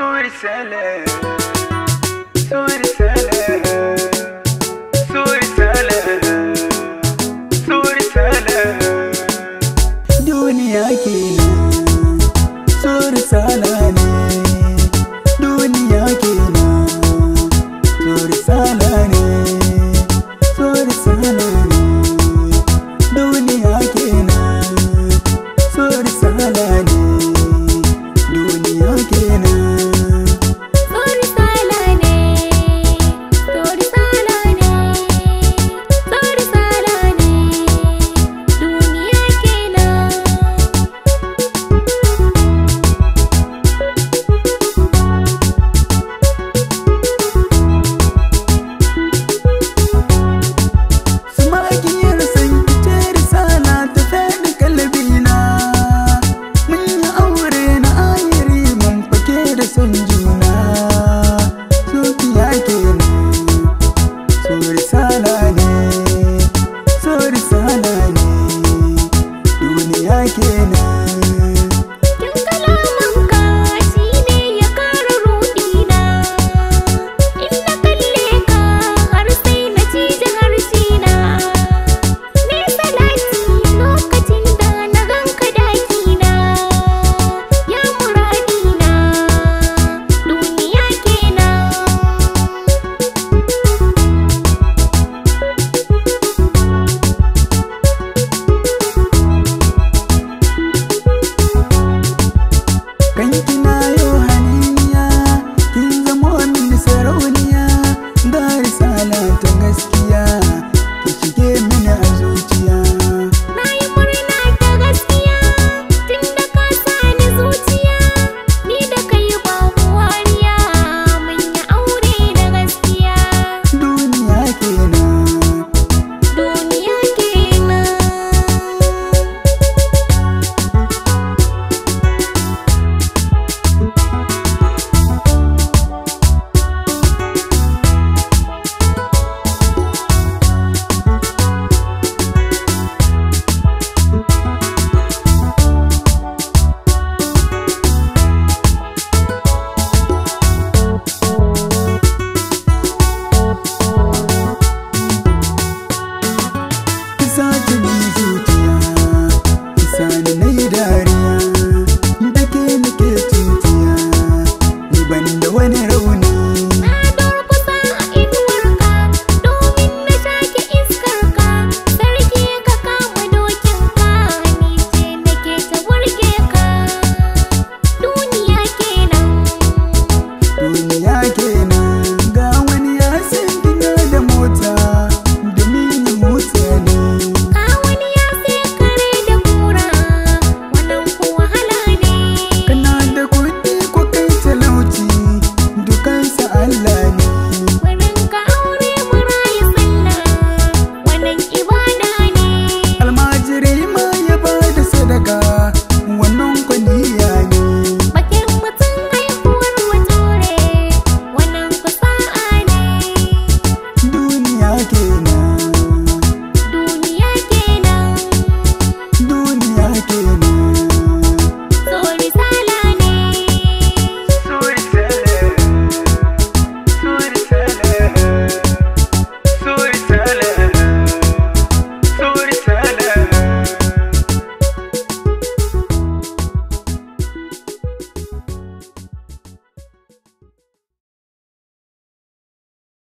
Suri sele Suri selling. beginning